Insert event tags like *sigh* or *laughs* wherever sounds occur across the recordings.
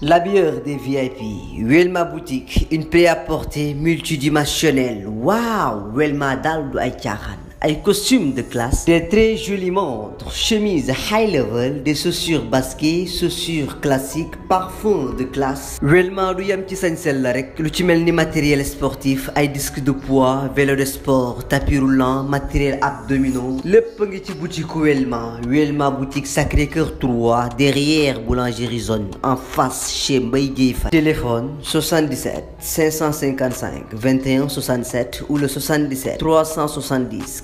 L'habilleur des VIP, Welma Boutique, une prêt-à-porter multidimensionnelle. Waouh, Welma dal du ay caaxaan ay costumes de classe. des très jolies montres chemises high level des chaussures basket chaussures classiques parfum de classe. réellement du yam ci sañsel la rek lu ci mel ni matériel sportif ay disque de poids vélo de sport tapis roulant matériel abdominaux lépp ngi ci boutique Welma Welma boutique Sacré-Cœur 3 derrière boulangerie zone en face chez Mbaye Dièye Faye. téléphone 77 555 21 67 ou le 77 370.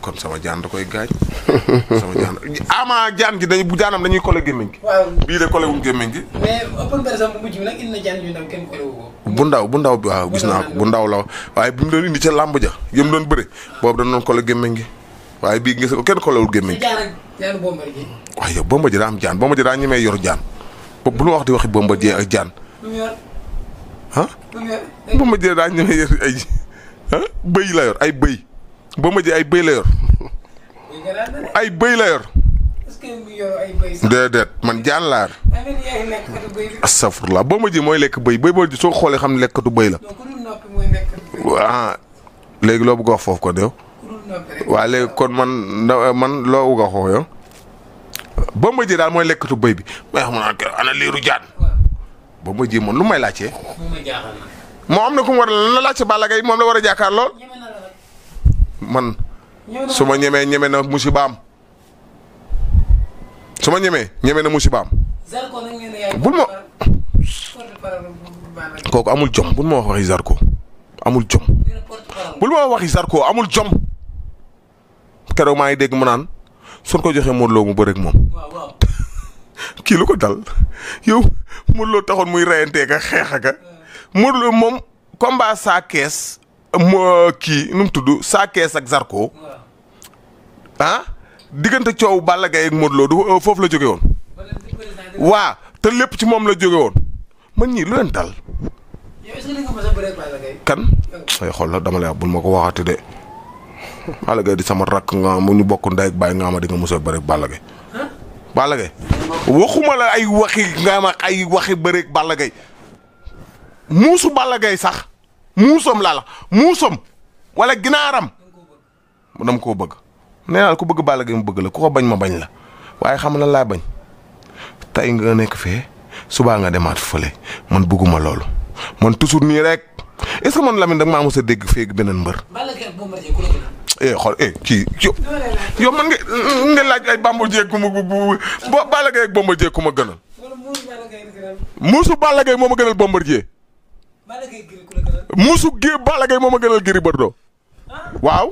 kon sama jaan da koy gaañ. sama jaan ama jaan gi dañuy bu jaanam dañuy collé gémmiñ gi. bu bi nag indi ndaw wu ko. bu ndaw bu ndaw bi waaw gis naa ko bu ndaw la waaye bi mu doon indi ca làmb ja yëm doon bëre boobu dañu doon collé gi waaye bii gis ko kenn collé wul gémmiñ gi. jaan ak jaanu bomba ji. waaw yow bomba ji daa am jaan bomba ji daa ñemee yor jaan boobu bu ñu wax di waxi bomba jee ak jaan. ah bomba jee daa ñemee yor ay bëy la yor ay bëy ba ma ji ay bëy la yor ay bëy la yor déedéet man jaan laa astafurlah ba ma ji mooy lekk bëy bëy boo ji soo xoolee xam ne lekkatu bëy la ah kon yow man man ma ji mooy lekkatu bëy bi may xam naa ana liiru jaan ba ma moom lu may laajtee moo am na ku mu war la laajte Balla Gaye moom la war a jaakaar lool man. su ma ñemee ñeme na baam su ma ñemee ñeme na musibaam. bul ma. kooku amul jom bul ma wax waxi Zarko amul jom. bul keroog maa ngi dégg mu naan suñ ko joxee Modou Lo mu bëre moom. *laughs* kii lu ko dal yow Modou Lo taxoon muy reyantee ka xeex ka Modou Lo saa kees mo kii nu tudd Sa Thiès ak Zarko ah diggante coow Balla Gaye ak Modou du euh, foofu la jóge woon waa te lépp ci moom la jóge woon man ñii lu leen dal kan ay xool la dama la wax bul ma ko waxati de Balla di sama rakk nga mu ñu bokk ndey ak baay nga ma di nga mos a bëre ak waxuma la ay waxi nga ma ay waxi bëre ak Balla muusu Balla sax muusoom laa la muusoom wala ginaaram mu dama koo bëgg nee naa ku bëgg Balla Gaye mu bëgg la ku ko bañ ma bañ la waaye xam na laa bañ tey nga nekk fee subaa nga demaat fële man bëgguma loolu mën toujours nii rek est-ce que da nga maa mos a dégg feeg beneen mbër. eh xool eh kii yow man nga nga laaj ay bambal ma bu bu ba Balla Gaye ku ma gënal. muusu Balla Gaye moo ma gënal Bombardier. musu gée Balla Gaye moom a gënal Gris Bordeaux waaw.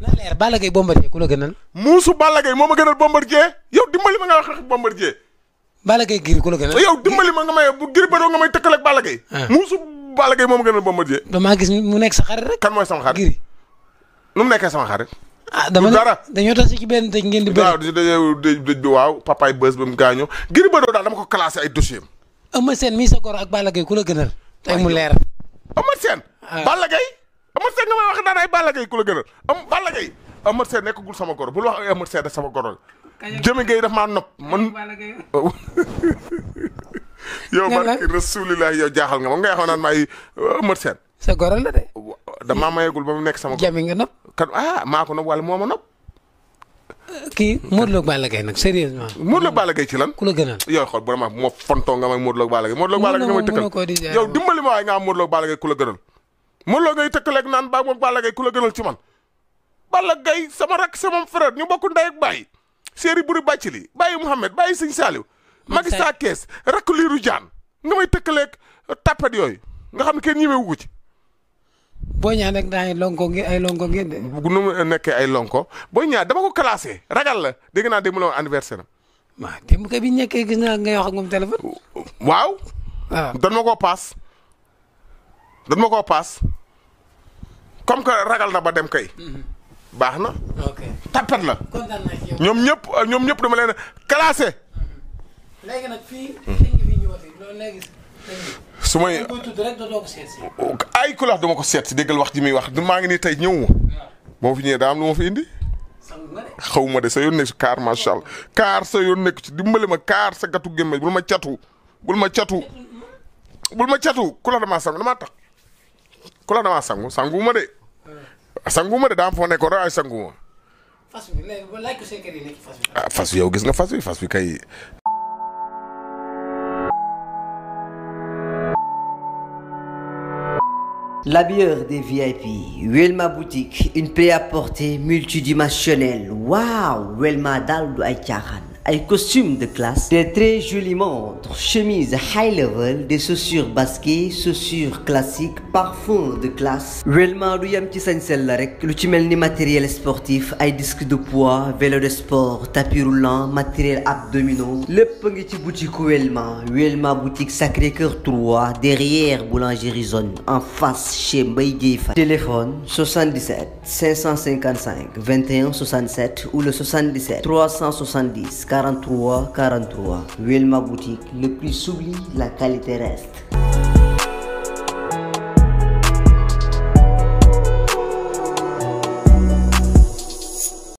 na leer Balla Gaye Bombardier ku la gënal. muusu Balla Gaye moom a gënal Bombardier yow dimbali ma nga wax Bombardier. Balla Gaye Gris ku la gënal. yow dimbali ma nga may bu Gris Bordeaux nga may tëkkal ak Balla Gaye. Ah. muusu Balla Gaye moom a gënal Bombardier. damaa gis mu nekk sa xarit rek. kan mooy sama xarit Gris. nu mu nekkee sama xarit. ah dama ne dañoo tase ci benn dëj ngeen di. bëri waaw dañoo dëj bi waaw papaay bës ba mu gaañoo Gris Bordeaux daal dama goro ak Balla Gaye ku la gënal. tey mu leer Eumeu Sène. Ah. Balla Gaye Eumeu Sène nga may wax daan ay Balla Gaye ku gënal am Balla Gaye Eumeu Sène nekkagul sama goro bul wax ay Eumeu Sène sama goro jëmi ngay daf maa nopp man *laughs* yow barki rasulillah yow jaaxal nga ma nga yaxoon naan maay Eumeu Sène sa goro la de damaa mayegul ba mu nekk sama goro jëmi nga nopp kan ah maa ko nopp wala moo ma nopp kii Modou Lo ak Balla Gaye nag sérieusement. Modou Lo ak Balla Gaye ci lan. ku la gënal yow xool vraiment bu ma fontoo nga may Modou Lo ak Balla Gaye. Modou nga may tëkkal yow dimbali ma waaye nga am Modou Lo ak Balla Gaye ku la gënal. baa moom Balla Gaye ku la ci man. Balla Gaye sama rakk sama frère ñu bokk ndey séeri buri bàcc li bàyyi Mouhamed bàyyi magi saa kees liiru jaan nga may tëkkaleeg tàppet yooyu nga xam ne kenn ñimee booy ñaa nag naa ay lonko ngeen ay lonko ngeen de. nekkee ay lonko Boy Niang dama ko classé ragal la dégg naa démb la woon anniversaire am. waaw kay bi ñu nekkee gis naa ngay wax ak moom téléphone. waaw. waaw ah. ma ko paas. dan ma koo paas. comme que ragal na ba dem kay. Mm-hmm. baax na. ok tappat la. ñoom ñëpp ñoom ñëpp dama leen classé. Mm-hmm. nag mm-hmm. su may ay ku la duma ko seet si déggal wax ji muy wax maa ngi nii tey ñëwuma ba ma fi ñëwee daa am lu ma fi indi. xaw ma de sa yoon nekk si kaar macha kaar sa yoon nekk ci dimbali ma kaar sa gatu gémmañ bul ma catu bul ma catu bul ma catu ku la damaa sangu damaa tax ku damaa sangu sangu ma de. Hmm. sangu ma de daa am foo nekkoon rek ay sangu ma. fas bi léegi ah, yow gis nga fas bi fas bi kay La bière des VIP, Welma Boutique, une plaie à portée multidimensionnelle. Waouh, Welma dal du ay caaxaan ay costumes de classe. des très jolies montres chemises high level des chaussures basket chaussures classiques parfum de classe. réellement du yam ci sañsel la rek lu ci mel ni matériel sportif ay disque de poids vélo de sport tapis roulant matériel abdominaux lépp ngi ci boutique Welma Welma boutique Sacré-Cœur 3 derrière boulangerie zone en face chez Mbaye Dièye Faye. téléphone 77 555 21 67 ou le 77 370. 43 43 Wilma Boutique, le prix s'oublie, la qualité reste.